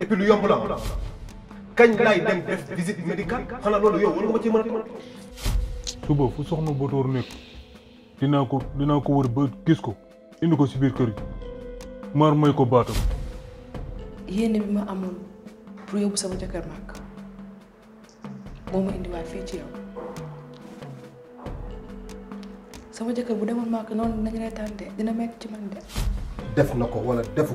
et puis lu yomb la dem def visite médicale xanaa loolu yow waruma ci mën a toog. suba fu soxna Botoor nekk dinaa ko dinaa ko wër ba gis ko indi ko si biir kër gi maar may ko baatam. yéene bi ma amoon pour yóbbu sama jëkkër màkk moo ma indiwaat ci yow sama bu lay dina metti ci man de. def na wala defu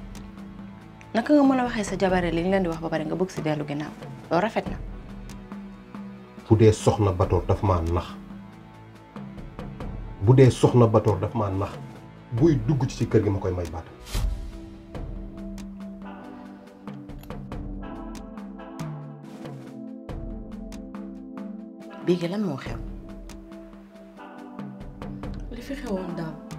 naka nga mën a waxee sa jabare li ñu leen di wax ba bari nga bëgg si dellu ginnaaw loolu rafet na. bu dee soxna Batoor dafa ma nax bu soxna Batoor daf maa nax buy dugg ci kër gi ma koy may baat. bii gi lan moo xew. li fi xewoon daaw.